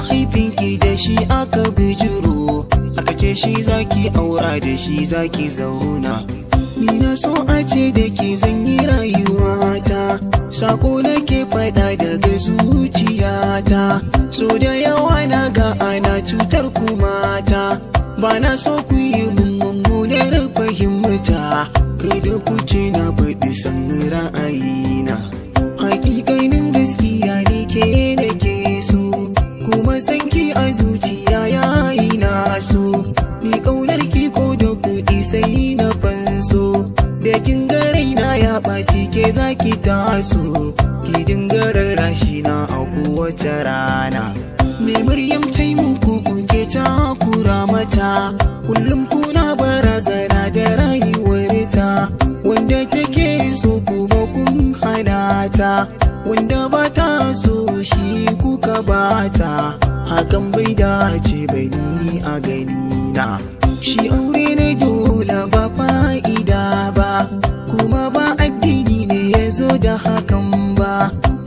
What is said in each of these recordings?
mahaifinki da shi aka bijiro aka ce shi zaki aura da shi zaki zauna ni na so a ce da ke zanyi rayuwata sako nake faɗa daga zuciyata so da yawa na ga ana cutar kumata. ba na so ku yi mummunar fahimta kada ku ce na faɗi san ra'ayina haƙiƙanin gaskiya ne ke da ke so kuma ki a zuciya yayi na so ni kaunar ki ko da kuɗi sai na fanso da kin ga raina ya ɓaci ke zaki taso ki dinga rarrashi na a kowace rana me Maryam tai muku kuke ta kura mata kullum kuna barazana da rayuwar ta wanda take so ku nata wanda ba ta so shi kuka bata hakan bai dace bai ni a gani na shi aure na dole ba fa'ida ba kuma ba addini ne ya zo da hakan ba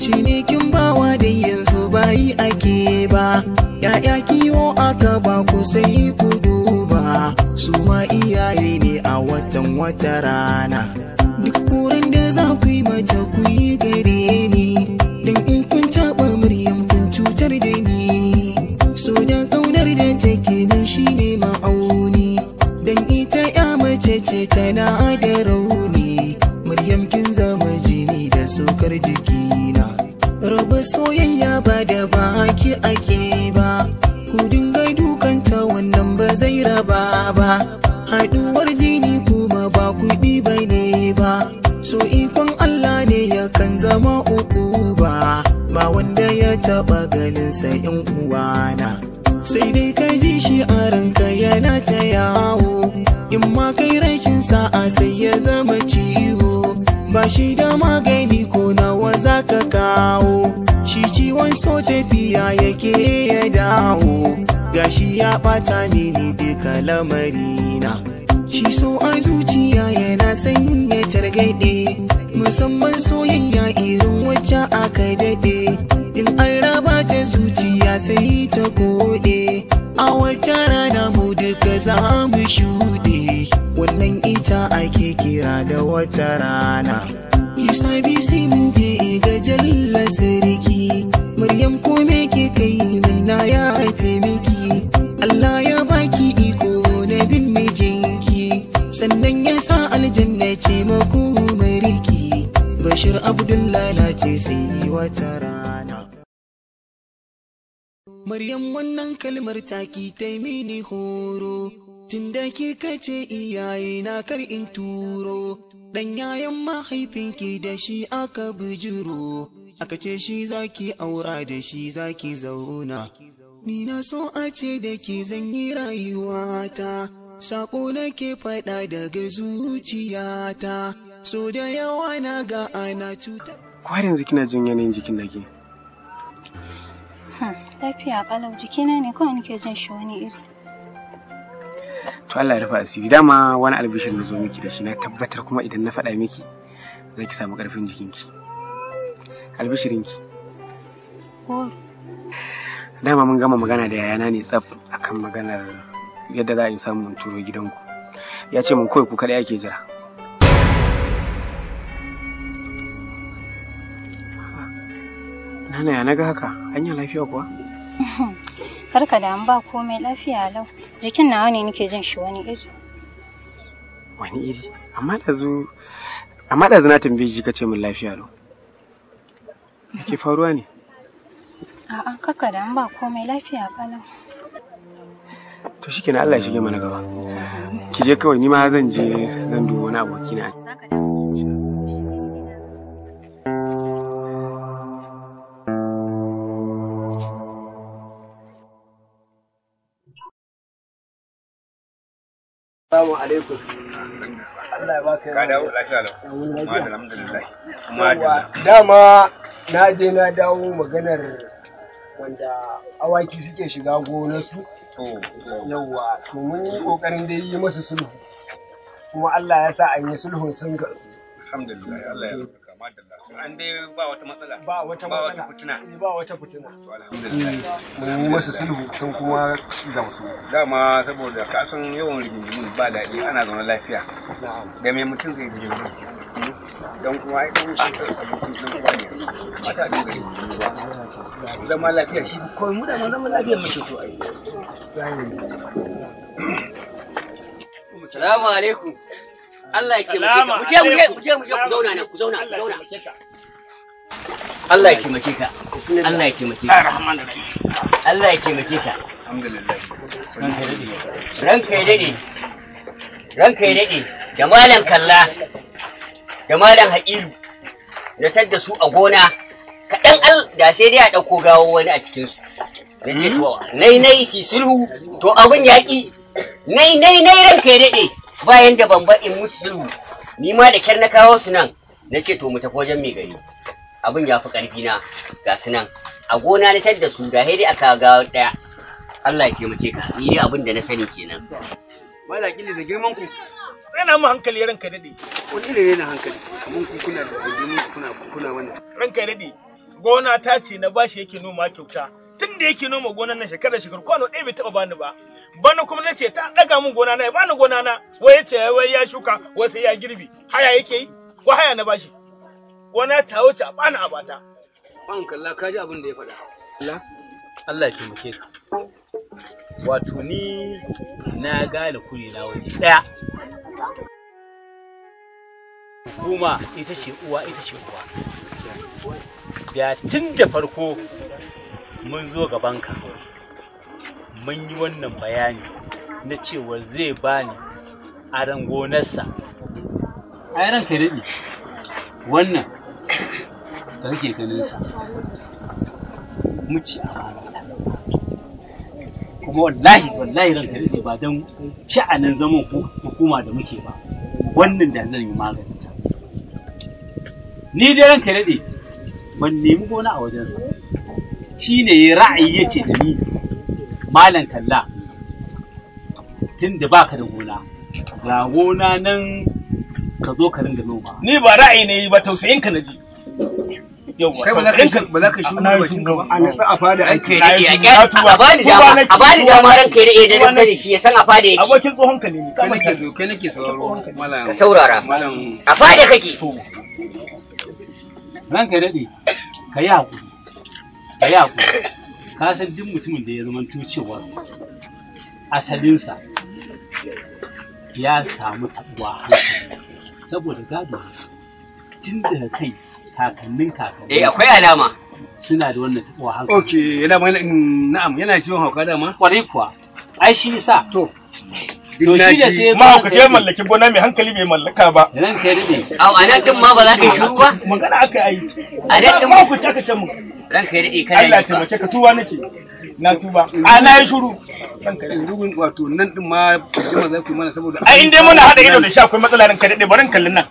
cinikin bawa da yanzu bayi ake ba ya'ya kiwo aka ba ku sai ku duba su ma iyaye ne a watan wata rana za ku yi mata ku yi gare ni don in kun taɓa muryan kun cutar da ni so da ƙaunar da take min shi ne ma'auni don ita ya mace ce tana da rauni muryam kin zama jini da sokar jikina raba soyayya ba da baki ake ba ku dinga dukanta wannan ba zai raba ba taɓa ganin sa in uwana sai dai ka ji shi a ranka yana ta yawo in ma kai rashin sa'a sai ya zama ciwo ba shi da magani ko nawa za ka kawo shi ciwon so tafiya yake ya dawo gashi ya ɓata mini kalamari lamarina shi so a zuciya yana sanya targaɗe musamman soyayya irin wacce aka daɗe zuciya sai ta koɗe a wata rana mu duka za mu shuɗe wannan ita ake kira da wata rana hisabi sai mun je ga jalla sarki maryam ko me ke kai nan na ya haife miki allah ya baki iko na bin mijinki sannan ya sa aljanna ce maku mariki bashir abdullahi ce sai wata rana Maryam wannan kalmar taki ta mini horo, tunda kika ce iyaye na kar in turo, ɗan yayan mahaifinki da shi aka bijiro, aka ce shi zaki aura da shi zaki zauna. Ni na so a ce da ke zan yi rayuwata, saƙo ke faɗa daga zuciyata, so da yawa na ga ana cutar. Kwarin yanzu jin yanayin jikin nake. Lafiya kalau jikina ne kawai nake jin shi wani iri. To Allah ya rufa asiri dama wani albishir na zo miki da shi na tabbatar kuma idan na faɗa miki za ki samu ƙarfin jikinki. Albishirinki. Dama mun gama magana da yayana ne tsaf akan maganar yadda za a yi samun turo gidanku. Ya ce mun kawai ku kaɗai ake jira. Nana ya naga haka, hanya lafiya kuwa? Kar ka damu ba komai lafiya lau. Jikin nawa ne nake jin shi wani iri. Wani iri? Amma da zu amma da na tambaye ji kace min lafiya lau. Ke faruwa ne? A'a, kar ka damu ba komai lafiya kalau. To shikenan Allah shi ke mana gaba. Ki je kawai ni ma zan je zan duba wani abokina. Zaka Assalamu alaikum. Allah ya baka yawa. Ka dawo lafiya lau. Alhamdulillah. Dama na je na dawo maganar wanda awaki suke shiga gonarsu. Yawwa, to mun yi kokarin dai yi masu sulhu. Kuma Allah ya sa an yi sulhun sun karsu. Alhamdulillah, Allah ya madalla ba wata matsala ba wata fitina eh, eh, sulhu sun kuma gamsu dama saboda ka san yawan rigingimin ba daɗi ana zaune lafiya da mutum zai ji kuma ai shi ne zama lafiya shi ko mu da zama lafiya so ai Salamu alaikum. Allah ya taimake ka. Mu je mu je mu je ku zauna nan ku zauna ku zauna. Allah ya taimake ka. Allah ya taimake ka. Allah ya taimake ka. Alhamdulillah. Ranka ya dade. Ranka ya dade. Da malam kalla. Da malam haƙilu. Da tadda su a gona. Kaɗan al da sai dai a ɗauko gawo wani a cikinsu. Na ce to nai nai shi sulhu to abin yaƙi. Nai nai nai ranka ya dade. bayan da ban in musu sulhu ni ma da kyar na kawo su nan na ce to mu tafi wajen mai gari abin ya fi ƙarfi na ga su nan a gona na tadda su da hairi aka ga ɗaya Allah ya taimake ka ni dai abin da na sani kenan mala kili da girman ku rana mu hankali ranka dade wani ne yana hankali kaman ku kuna da girman ku kuna kuna wannan ranka dade gona ta ce na bashi yake noma kyauta tun da yake noma gonan nan shekara shekaru kwano ɗaya bai taɓa bani ba bana kuma nace ta daga mun gona na bani gona na waye ce wai ya shuka wai sai ya girbi haya yake yi ko haya na bashi gona ta wuce bana a bata ban kalla ka ji abin da ya faɗa Allah Allah ya taimake ka wato ni na gane kuri na waje daya hukuma ita ce uwa ita ce uwa da tun da farko mun zo gaban ka. mun yi wannan bayani na cewa zai bani aron gonarsa ai ranka daɗi wannan da kake ganin sa muci a bana kuma wallahi wallahi ranka daɗi ba don sha'anin zaman hukuma da muke ba wannan da zan yi maganinsa ni dai ranka daɗi ban nemi gona a wajensa shi ne ra'ayi ya ce da ni malam kalla tun da baka da gona ga gona nan ka zo ka ringa noma ni ba ra'ayi ne ba tausayin ka naji yauwa tausayin ba za ka shi ba shi ba a nasa a fada aiki na yi a bani dama a bani dama ran kai da idan ka da shi ya san a fada yake abokin tsohon ka ne kai nake so kai nake sauraro malam ka saurara a fada kake ranka daɗe ka yi hakuri ka yi hakuri ka san duk mutumin da ya zama cewar asalinsa ya samu tabuwa hankali saboda gado tun da kai kakannin kakannin eh akwai alama suna da wannan tabuwa hankali okay yana mm, na'am yana ciwon hauka dama kwarai kuwa ai shi yasa to to shi da sai ma ku je mallaki gona mai hankali bai mallaka ba ran kai dade au anan din ma ba za ka shiru ba magana aka yi a nan din ma ku ce aka ce mu ran kai kai Allah ya taimake ka tuwa nake na tuba a na yi shiru ran kai wato nan din ma za ku yi mana saboda ai muna hada ido da shi akwai matsala ran kai kallin nan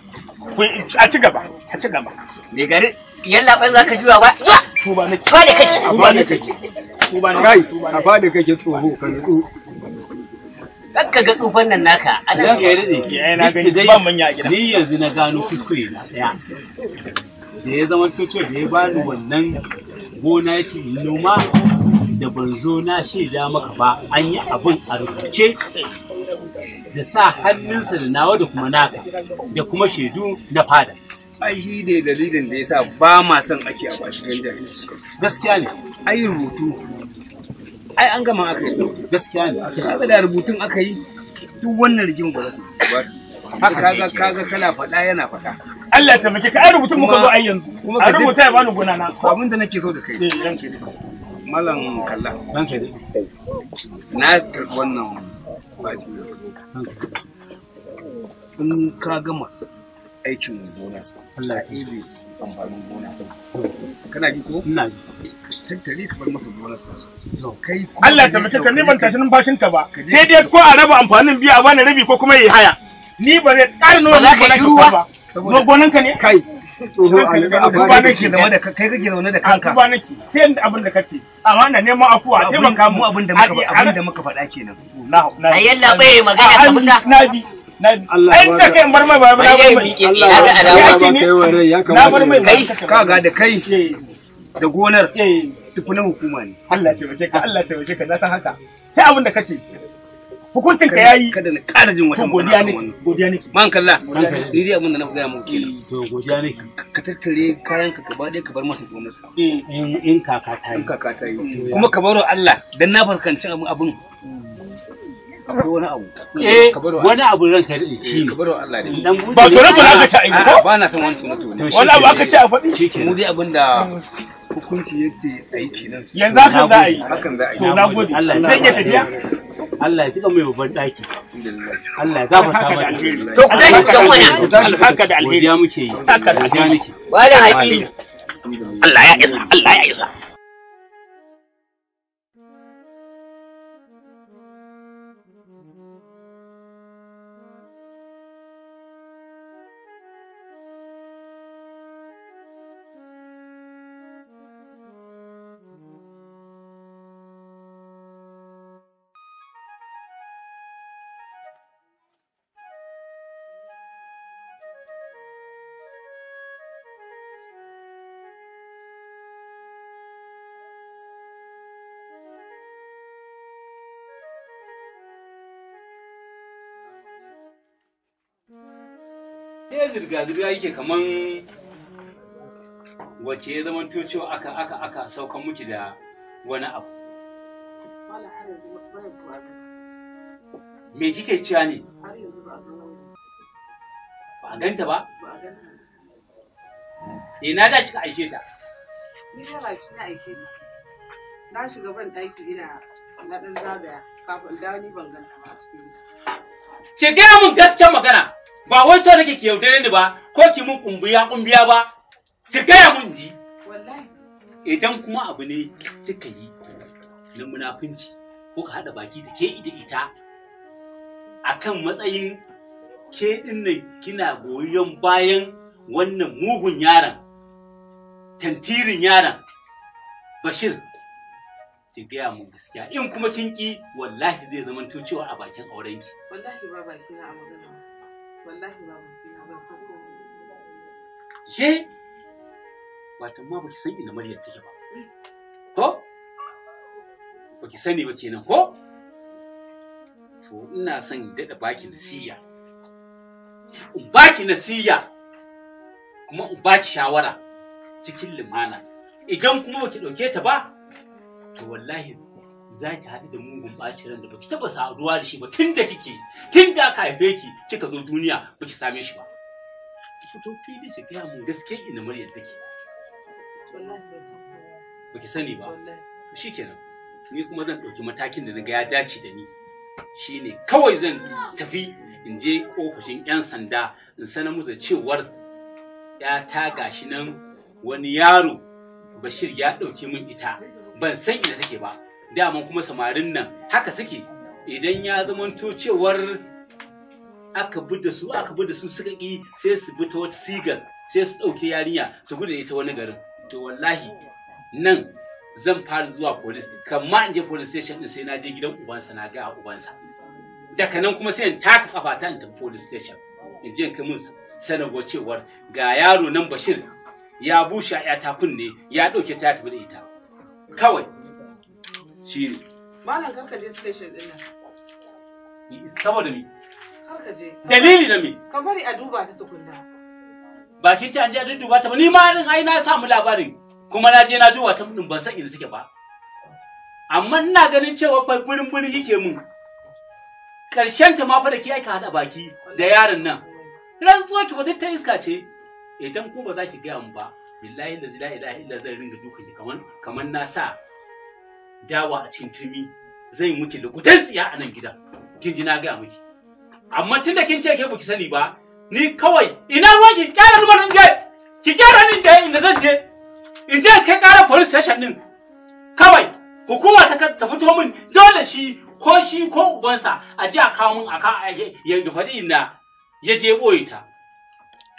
a ci gaba a ci gaba me gari yalla ban za ka ba tuba nake tuba nake tuba tuba nake tuba nake tuba tuba Kan ka ga tsufan nan naka, ana siya. Ya dai ban manya gida. Ni yanzu na gano kuskure na ɗaya. Da ya zama coco da ya bani wannan gona ya ce noma da ban zo na shaida maka ba an yi abin a rubuce da sa hannunsa da nawa da kuma naka da kuma shaidu na fada. ai ne dalilin da sa ba ma son ake a bashi don jahilci gaskiya ne ai rubutu ai an gama aka yi gaskiya ne kaga da rubutun aka yi duk wannan rigin ba haka kaga kaga kana faɗa yana faɗa Allah ta maki ka ai rubutun muka zo ai yanzu kuma ka rubuta ya bani gona na abin da nake so da kai eh, malam kalla dan sai na karɓi wannan basi in ka gama aikin gona Allah ya amfanin gona kana ji ko ina ji tattare ka bar masa gonarsa kai Allah ta mutaka ni ban tashin bashin ta ba sai dai ko a raba amfanin biyu a bani rabi ko kuma yi haya ni ba zai ƙara nuna ba ka ba no gonan ka ne kai da kai kake zaune da kanka akuba nake ta yanda abin da kace amma na neman akuwa taimaka mu abin da abin da muka faɗa kenan na na ayyan magana ke musa na bi an ta kai bar mai bar mai alama ba ya kamata na bar mai kai ka ga da kai da gonar tufunan hukuma ne Allah ta wace ka Allah ta wace ka na san haka sai abin da kace hukuncin ka yayi kada na ƙara jin wata godiya nake godiya nake man kalla ni dai abin da na gaya muku kenan to godiya nake ka tattare kayan ka ka bade ka bar masa sa. in kaka ta yi mm. kuma ka baro Allah dan na farkanci abin mm. akwai wani abu eh, wani abu ran eh, ka dade shi ka baro Allah ne ba to rabu aka ci aiki ko ba na san wani wani abu aka ci a faɗi shikenan mu dai abinda hukunci yace aiki nan yanzu za a yi hakan za a yi to nagode Allah sai ya tafiya Allah ya cika mai babban daki. Allah ya ta mana. To ku tashi cikin wannan. Ku tashi haka da alheri. Godiya muke yi. Haka da alheri. Wala haƙi. Allah ya isa, Allah ya isa. eh zirga-zirga yake kaman wace ya zama cewa aka aka aka saukan miki da wani abu me kike cewa ne ba ganta ba ina da kika aike ta ni ba aike na shiga ban ɗaki ina na ɗan zagaya kafin dawo ni ban ganta ba cikin ke gaya mun gaskiyar magana ba wai so nake ke yaudare ni ba ko ki mun kumbiya kumbiya ba ki gaya mun ji wallahi idan kuma abu ne kika yi na munafunci ko ka hada baki da ke ita ita akan matsayin ke nan kina goyon bayan wannan mugun yaron tantirin yaron bashir ki gaya mun gaskiya in kuma kin ki wallahi zai zama cewa a bakin aurenki wallahi ba baki na a magana wallahi ba ban san komai ye watan ma baki san ina Maryam take ba ko baki sani ba kenan ko to ina son daɗa baki nasiya in baki nasiya kuma in baki shawara cikin limana idan kuma baki ɗauke ta ba to wallahi za ki haɗu da mugun ɓacin ran da baki taɓa saduwa da shi ba tun da kike tun da aka haife ki kika zo duniya baki same shi ba ki to fili ki gaya mu gaske ina Maryam take baki sani ba to shikenan ni kuma zan ɗauki matakin da na ga ya dace da ni shine kawai zan tafi in je ofishin 'yan sanda in sanar musu cewar ya ta gashi nan wani yaro bashir ya ɗauki min ita ban san ina take ba dama kuma samarin nan haka suke idan ya zamanto cewar aka bi da su aka bi su suka ki sai su bi ta wata sigar sai su ɗauke yarinya su gudu ita wani garin to wallahi nan zan fara zuwa police kamma in je police station din sai na je gidan ubansa na ga ubansa daga nan kuma sai in taka kafata in tafi police station in je kai mun sanarwa cewar ga yaro nan Bashir ya bushe ya tafin kunne ya ɗauke ta ya tafi da ita kawai shi ne malam kar je station din nan saboda me kar je dalili na me ka bari a duba ta tukunna bakin ci an je a duba ta ba ni ma din ai na samu labarin kuma na je na duba ta din ban san inda take ba amma ina ganin cewa fa burin burin yake mun karshen ta ma fa da ke aika hada baki da yaron nan rantsuwa ki wata ta iska ce idan ku ba za ki gaya mu ba billahi la ilaha illa zan ringa dukan ki kaman kaman na sa dawa a cikin turmi zai miki lukutan tsiya a nan gida kin gaya na miki amma tun kin ce ke baki sani ba ni kawai ina ruwan ki kyara numar in je ki kyara ni je inda zan je in je kai kara police station din kawai hukuma ta ta fito min dole shi ko shi ko ubansa a ji a kawo min a ka ya faɗi ina ya je ɓoye ta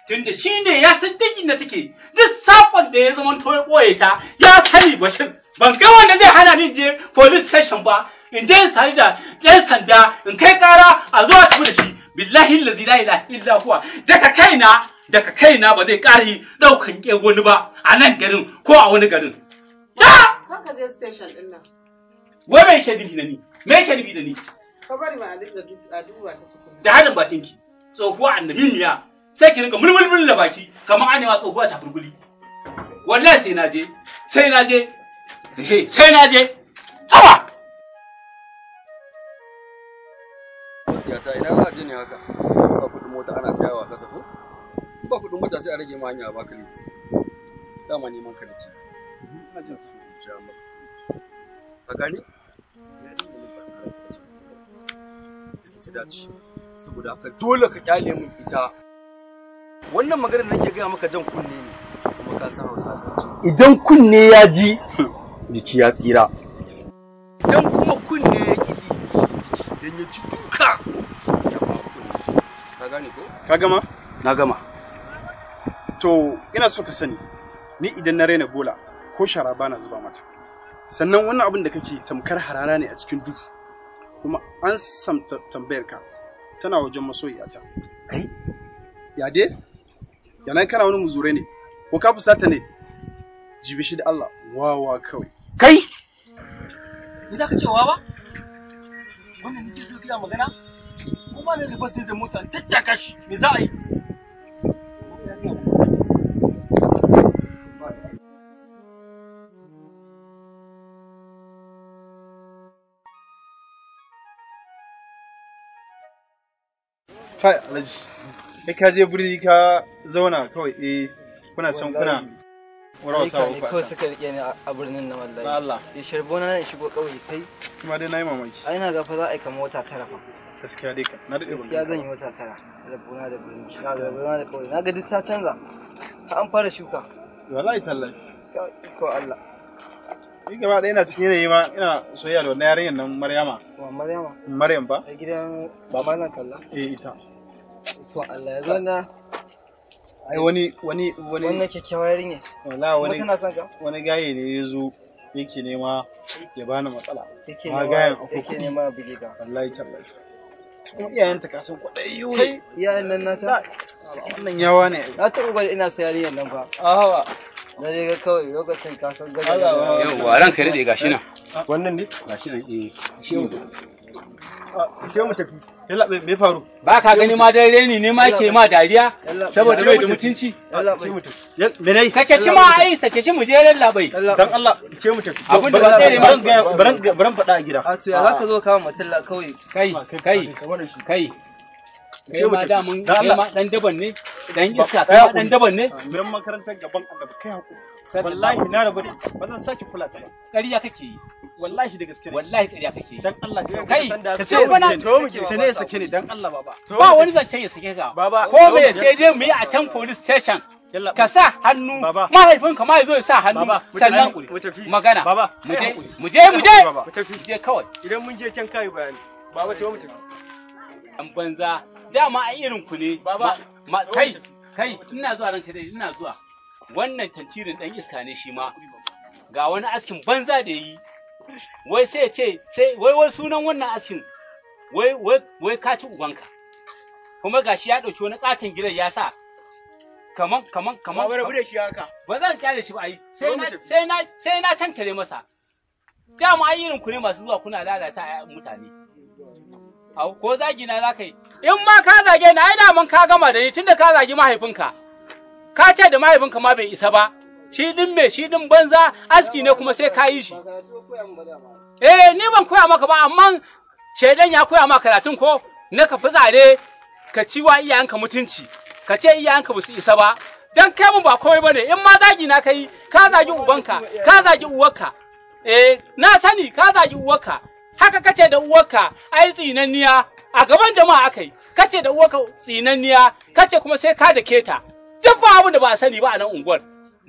tunda shi ne ya san duk inda take duk sakon da ya zama to ya boye ta ya sani bashin ban ga wanda zai hana ni je police station ba in je in sani da ɗan sanda in kai kara a zo a tafi da shi billahi la ilaha illa huwa daga kaina daga kaina ba zai ƙari ɗaukan wani ba a nan garin ko a wani garin da haka je station din nan wai me yake nufi da ni me yake nufi da ni ka bari ma a duba ta da hannun bakinki tsohuwa annabi miya sai ki rinka mulmulmul da baki kamar an yawa tsohuwa ta wallahi sai na je sai na je eh, sai na je haba ya ina za a je ne haka ba kudin mota ana ta yawa kasa ko ba kudin mota sai a rage ma hanya a dama neman ka nake mhm, ajin su ja maka ka ya dole ka kyale min ita wannan maganar nake gaya maka jan kunne ne kuma ka san hausa ce idan kunne ya ji jiki ya tsira idan kuma kunne ya ji jiki idan ya ci duka ya ba kunne ka gane ko ka gama na gama to ina so ka sani ni idan na raina bola ko shara bana zuba mata sannan wannan abin da kake tamkar harara ne a cikin duhu kuma an samta tambayar ka tana wajen masoyiyata ya dai yana kana wani muzure ne ko ka fusata ne jibi shi da Allah wawa kawai kai ni zaka ce wawa wannan ni zai zo gida magana ko ba ne da ne da mota tattaka shi me za a yi Kai, Alhaji. sai ka je ka zauna kawai e kuna son kuna warawa uku kawai suka rike ni a birnin na wallahi Allah ya sharbo na shi shigo kawai kai kuma dai nayi mamaki ai na ga fa za a kai mota wata tara fa gaskiya dai ka na dade gaskiya zan yi wata tara na da birni na na da kawai. na ga duk ta canza ka an fara shuka wallahi tallafi ko Allah ni gaba ɗaya ina cikin yanayi ma ina soyayya da wannan yarinyar nan Maryama wa Maryama Maryam ba a gidan ba malam kalla eh ita To Allah ya na Ai wani wani wani wannan kyakkyawar yarinya. Wallahi wani tana son ka? Wani gaye ne yazo yake nema ya bani matsala. Yake nema gaye yake nema bige ka. Wallahi tabbas Kuma iyayenta ka san kwaɗayi yau. Kai iyayen nan nata. Wannan yawa ne. Na taɓa gwada ina sayar yarinyar nan fa. Ahawa. Na je ga kawai lokacin kasan gaba. Yauwa ran ya daɗe gashi nan. Wannan ne? Gashi nan eh. Shi Ke mu tafi. Yalla me faru? Ba ka gani ma daidai reni ni ma ke ma dariya saboda bai da mutunci. Yalla ke mu tafi. Me Sake shi ma ai sake shi mu je yalla bai. Dan Allah ke mu tafi. Abin da ba sai baran baran faɗa a gida. A to ya zaka zo ah. ka mutalla kawai. Kai kai kai. kai ma daman kai ma dan daban ne dan iska kai ma dan daban ne dan makarantar gaban annabi kai hakuri wallahi na rabu ba zan saki kula ta ba ƙarya kake yi wallahi da gaske wallahi ƙarya kake dan Allah kai ka ce sake to ce ne sake ne dan Allah baba ba wani zancen ya sake ka baba ko me sai dai mu yi a can police station ka sa hannu mahaifinka ma zo ya sa hannu sannan magana mu je mu je mu je kawai idan mun je can kai bayani baba mu tafi ɗan banza. Dama a irin ku ne. Baba. Ma kai kai ina zuwa ranka dai ina zuwa. Wannan tantirin dan iska ne shi ma. Ga wani askin banza da yi. Wai sai ce sai wai wai sunan wannan askin. Wai wai wai ka ci ubanka. Kuma gashi ya dauki wani ƙaton gidan ya sa kaman kaman kaman ba rabu da shi haka ba zan kyale shi ba ai sai na sai na sai na cancare masa da mu irin ku ne masu zuwa kuna lalata mutane Hau, ko zagi na za ka yi. In ma ka zage na, ai mun ka gama da ni tunda ka zagi mahaifinka. Ka ce da mahaifinka ma bai isa ba. Shi din me, shi din banza, aski ne kuma sai ka yi shi. Eh, ni ban koya maka ba, amma shaidan ya koya maka karatun ko na ka fitsare ka ciwa iyayenka mutunci. Ka ce iyayenka ba su isa ba. Dan kai mun ba komai bane, in ma zagi na ka ka zagi ubanka, ka zagi uwarka. Eh, na sani ka zagi uwarka. haka kace da uwarka ai tsinanniya a gaban jama'a akai kace da uwarka tsinanniya kace kuma sai ka da keta duk ba abin da ba a sani ba a nan unguwar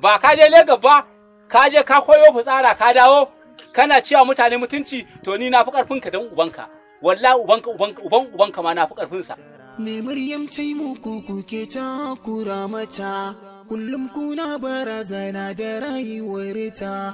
ba ka je Lagos ba ka je ka koyo fitsara ka dawo kana cewa mutane mutunci to ni na fi karfin ka dan ubanka wallahi ubanka ubanka uban ubanka ma na fi karfin sa me Maryam tai mu kuke ta kura mata kullum kuna barazana da rayuwar ta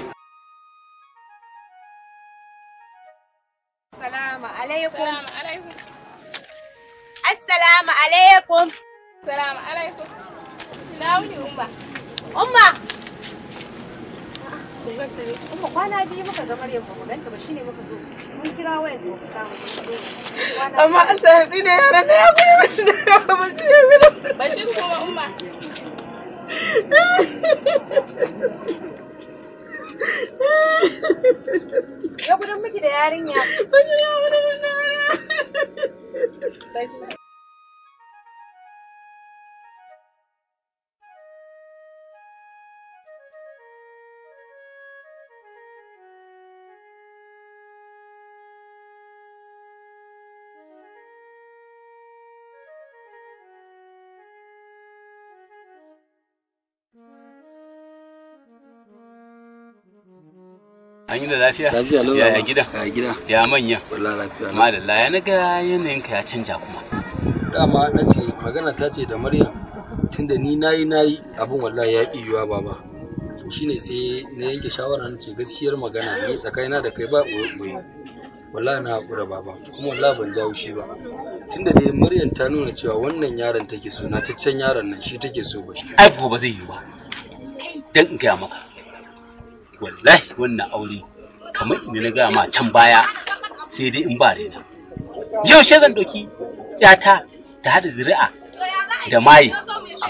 dare kwana biyu muka ga Maryam mu ganta ba shine muka zo mun kira mu samu amma an ne yaran ya ba ci bashin umma Ya gudun miki da yarinya. Bashin ya gudun miki da yarinya. Bashin. an yi da lafiya ya ya gida ya manya wallahi lafiya madalla ya naga yanayinka ya canja kuma dama na ce magana ta ce da maryam tunda ni nayi nayi abin wallahi ya iyuwa baba shine sai na yanke shawara na ce gaskiyar magana ni tsakanina da kai ba boye wallahi na haƙura baba kuma wallahi ban jawo shi ba tunda dai maryam ta nuna cewa wannan yaron take so na caccen yaron nan shi take so ba shi ai ba zai yi ba dan in gaya maka wallahi wannan aure kamar inda na gaya ma can baya sai dai in ba raina yau she zan doki yata ta hada zuri'a da maye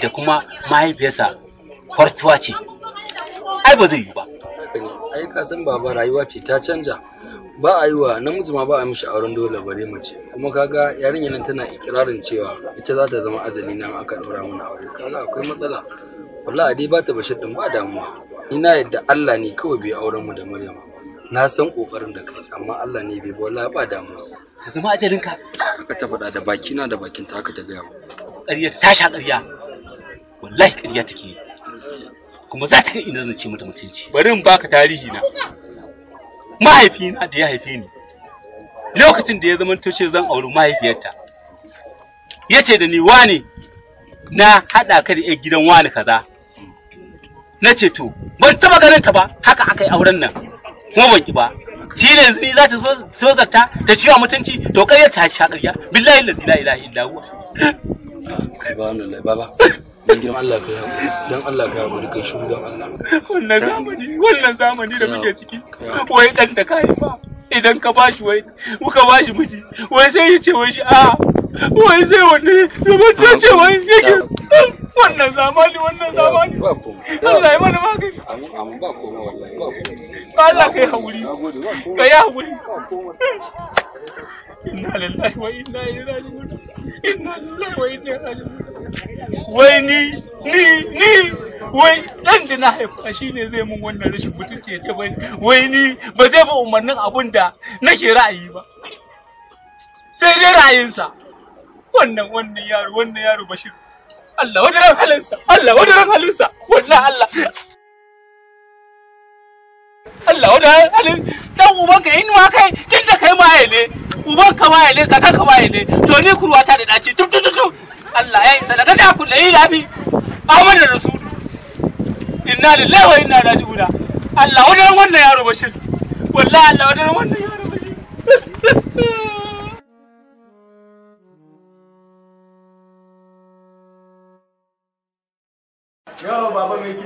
da kuma mahaifiyarsa kwartuwa ce ai ba zai yi ba ai ka san baba rayuwa ce ta canja ba a yi wa namiji ma ba a mishi auren dole bare mace kuma kaga yarinya nan tana ikirarin cewa ita za ta zama azali nan aka daura mana aure kaga akwai matsala wallahi dai ba ta bashir din ba damuwa ina yadda Allah ne kawai bai auren mu da Maryam na san kokarin da kai amma Allah ne bai bola ba damuwa ka zama ajalin ka haka ta faɗa da baki na da bakin ta haka ta gaya mu ƙarya ta tasha ƙarya wallahi ƙarya take kuma za ta ga ina zan ce mata mutunci bari in baka tarihi na mahaifina da ya haife ni lokacin da ya zama ce zan auri mahaifiyarta ya ce da ni wane na haɗa ka da 'yan gidan wani kaza na ce to ban taba ganin ta ba haka aka yi auren nan kuma ban ki ba shi ne yanzu ni za ta so zarta ta ciwa mutunci to kai ta sha ƙarya billahi la ilaha illa huwa subhanallah baba dan girman Allah ka dan Allah ka bari kai shiru Allah wannan zamani wannan zamani da muke ciki wai dan da kai fa idan ka bashi wai muka bashi miji wai sai ya ce wai shi a wai sai wani zaman ta ce wai yake wannan zamani wannan zamani Allah ya mana magani amma ba koma wallahi ba koma Allah kai hauri kai hauri inna lillahi wa inna ilaihi raji'un inna lillahi wa inna ilaihi raji'un wai ni ni ni wai dan da na haifa shine zai mun wannan rashin mutunci ya ce bai wai ni ba zai ba umarnin abun da nake ra'ayi ba sai dai ra'ayinsa wannan wannan yaro wannan yaro bashir Allah wadaran halinsa Allah wadaran halinsa wallahi Allah Allah wadaran halin dan uban ka in ma kai tun da kai maye ne uban ka maye ne kaka ka maye ne to ni kurwa ta da dace tum tum tum Allah ya isa daga da kullu yi labi da Rasulu inna lillahi wa inna ilaihi raji'un Allah wadaran wannan yaro Bashir wallahi Allah wadaran wannan yaro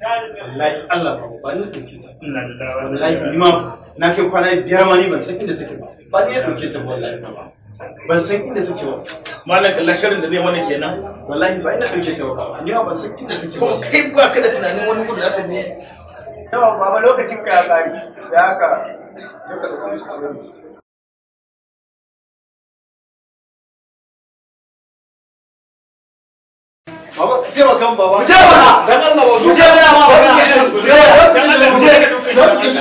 wallahi Allah ba ba ni dauke ta wallahi imam na kai kwana biyar ma ni ban san inda take ba ba ni ya dauke ta wallahi ba ban san inda take ba malam kallon sharin da zai mana kenan wallahi ba ina dauke ta ba ni ban san inda take ba kuma kai ba ka da tunanin wani gudu za ta je yawa baba lokacin ka ya kare da haka baba je ba kan baba je ba dan Allah ba je ba ma ba je je je dan Allah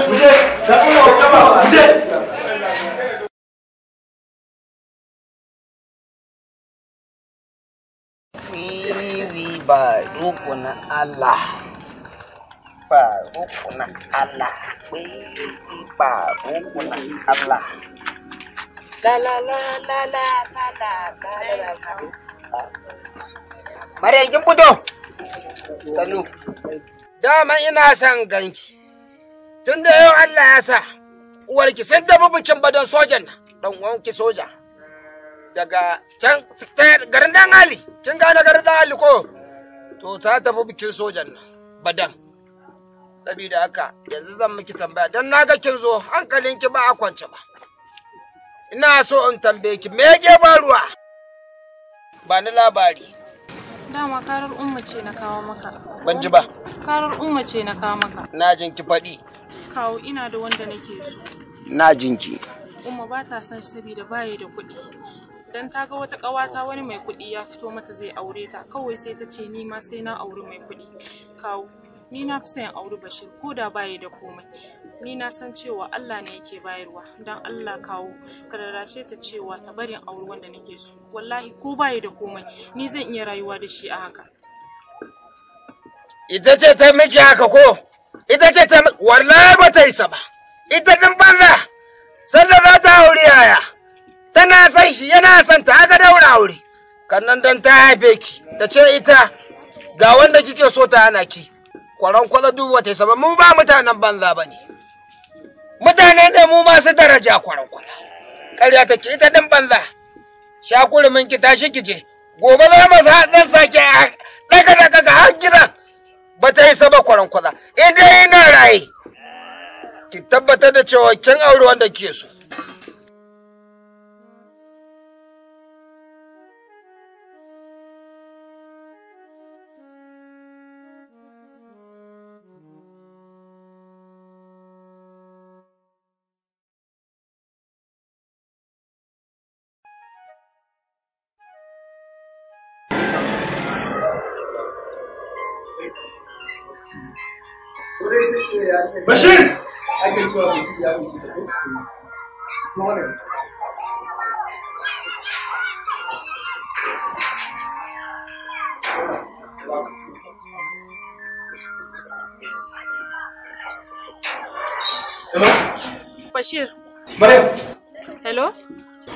ba je Wiwi ba roƙo na Allah ba roƙo na Allah wiwi ba roƙo na Allah la la la la la la la la la la Maryam kin fito. Sannu. Dama ina son ganki. Tun da yau Allah ya sa uwarki sun tafi bikin badon sojan nan, dan uwanki soja. Daga can garin Dan Ali, kin gane garin Dan Ali ko? To ta tafi bikin sojan nan, badan. Sabida haka yanzu zan miki tambaya don na ga kin zo hankalinki ba a kwance ba. Ina so in tambaye ki me yake faruwa? Ba ni labari. Dama karar umma ce na kawo maka. Ban ji ba. Karar umma ce na kawo maka. Na jin ki faɗi. Kawo ina da wanda nake so. Na jin ki. Umma ba ta son saboda baya da kuɗi. Dan ta ga wata ƙawata wani mai kuɗi ya fito mata zai aure ta kawai sai ta ce ni ma sai na auri mai kuɗi. Kawo ni na fi sayan auri bashir ko da baya da komai ni na san cewa Allah ne yake bayarwa don Allah kawo ka ta cewa ta barin auri wanda nake so wallahi ko baya da komai ni zan iya rayuwa da shi a haka ita ce ta miki haka ko ita ce ta wallahi ba ta isa ba ita din banza da, za ta aure yaya tana son shi yana san ta aka daura aure kannan dan ta haife ki ta ce ita ga wanda kike so ta hana ki kwaron kwala duk wata sama mu ba mutanen banza ba ne mutane ne mu masu daraja kwaron kwala ƙarya take ita dan banza shakurimin ki tashi ki je gobe za mu sa dan sake daga daga ga har ba ta yi ba kwaron kwala idan ina raye ki tabbatar da cewa kin aure wanda ke so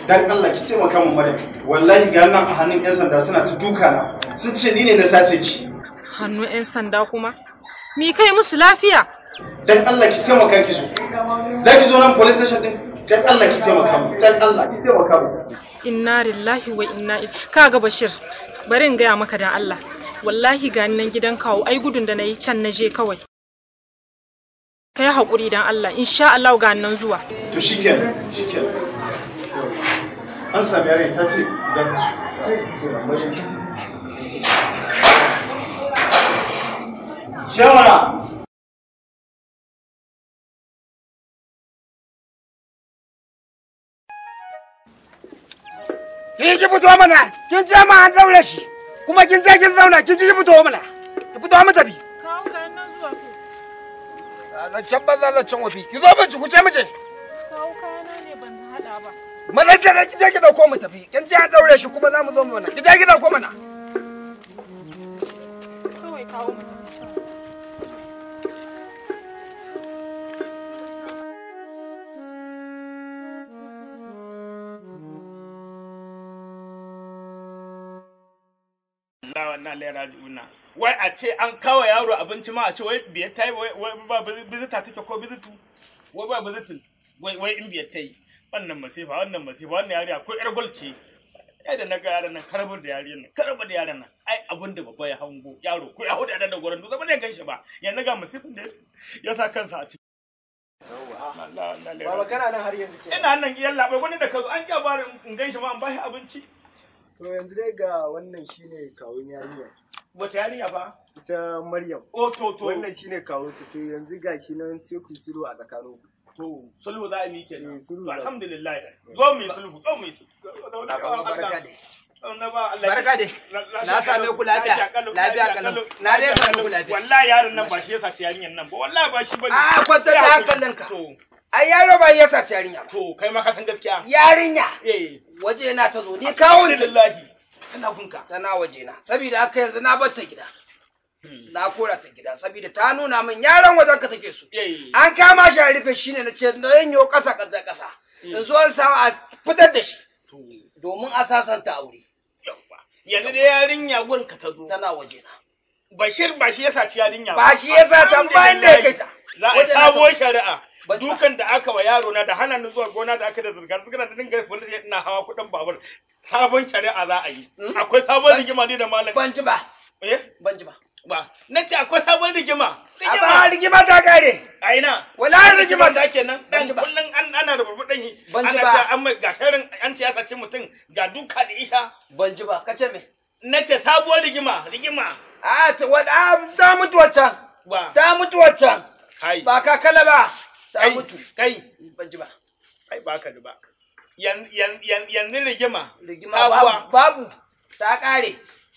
dan Allah ki taimaka mu madam wallahi ga nan a hannun yan sanda suna ta duka na sun ce ni ne na sace ki hannun yan sanda kuma Mi kai musu lafiya dan Allah ki taimaka ki zo zaki zo nan police station din dan Allah ki taimaka mu dan Allah ki taimaka mu inna lillahi wa inna ilaihi kaga bashir bari in gaya maka dan Allah wallahi ga nan gidan kawo ai gudun da nayi can naje kawai kai hakuri dan Allah insha Allah ga nan zuwa to shikenan shikenan an sami ta ce za ta su kin fito mana kin ce ma an shi kuma kin kin zauna kin fito mana ki fito mu tafi kawo nan zuwa zancen zancen wafi ki zo ku ne ban hada ba Mana tana ki je ki dauko mu tafi. Kin je a daure shi kuma za mu zo mu wannan. Ki je ki dauko mana. Kawai kawo mu. wannan lera bi'una. Wai a ce an kawo yaro abinci ma a ce wai biyar ta yi wai ba bizita take ko bizitu. Wai ba bizitin wai in biyar ta yi. wannan masifa wannan masifa wannan yari akwai yar gwalce ya da na ga yaran nan karbar da yaran nan karbar da yaran nan ai abin da babba ya hango yaro ko ya huda da gwaran dutse ba zai ganshi ba yanzu ga masifin da ya sa kansa a ciki Baba kana nan har yanzu ke. Ina nan iyan labai wani da kazo an kya bari in ganshi ma an bashi abinci. To yanzu dai ga wannan shine kawun yarinya. Wace yarinya ba. Ita Maryam. O oh, to to. Wannan shine kawun su to yanzu gashi shi nan sai ku siro a tsakaninku. to sulhu za mu yi na same ku lafiya lafiya na dai same ku lafiya wallahi yaron nan a kwanta ka ai yaro ba yarinya to yarinya eh waje ni kawo ni tana gunka tana waje na saboda haka yanzu na bar gida na kora ta gida saboda ta nuna min yaran wajen ka take su an kama shi a rufe shine na ce na yanyo kasa kasa kasa in zo an samu a fitar da shi domin a sasanta aure yanzu dai yarinya gurin ka ta zo tana waje na bashir ba shi ya saci yarinya ba shi ya bayan da ya ta za a sabo shari'a dukan da aka wa yaro na da hana zuwa gona da aka da zirga zirga da dinga wanda na hawa kudin babur sabon shari'a za a yi hmm? akwai sabon rigima ne da malam ban ba Eh? Ban ji ba. Ba. Na ce akwai sabon rigima. Rigima. Ba rigima ta kare. A ina. Wala rigima ta kenan. Dan kullun an ana da yi. Ban ji ba. Ana ce an mai ga an ce ya mutum ga duka da isha. Ban ji ba. Kace me? Na ce sabuwar rigima, rigima. A ta ta mutu waccan. Ba. Ta mutu Kai. Ba ka kala ba. Ta mutu. Kai. Ban ji ba. Kai ba ka ba. Yanzu rigima. Rigima babu. Ta kare.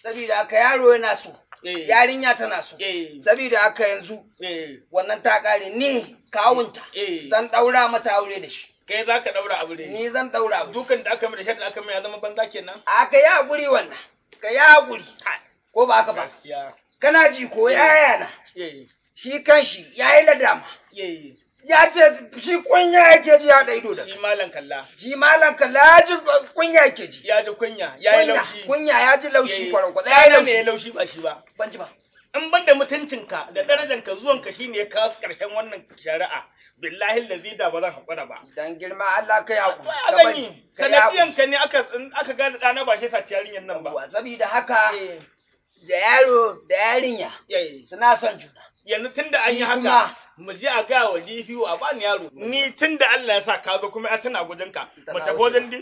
Sabida aka yaro yana so eh. yarinya tana so eh. sabida aka yanzu eh. wannan ta kare ni kawunta zan daura mata aure da shi kai za ka daura ne. ni zan daura aure dukan da aka mai da shaɗin aka mai ya zama banza kenan aka yi haƙuri wannan ka yi haƙuri ko ba aka ba kana ji ko yaya na shi kan shi ya yi ladama ya ce shi kunya yake ji ya ɗaido da shi malam kalla shi malam kalla ya ji kunya yake ji ya ji kunya ya yi laushi kunya ya ji laushi eh. kwaron kwa. ya yi laushi ya laushi ba shi ba ban ji ba in ban da mutuncinka da darajanka zuwanka shine ya kawo karshen wannan shari'a billahi lazi da ba zan haƙura ba dan girma Allah kai haƙu ka bani sanadiyanka ne aka aka gane ɗana ba shi sace yarinyar nan ba saboda haka eh. da yaro da yarinya eh. suna son juna yanzu tunda an yi haka mu je a ga wa lihiyo a ni yaro ni tun da Allah ya sa ka zo kuma ya tana gudunka mu tafi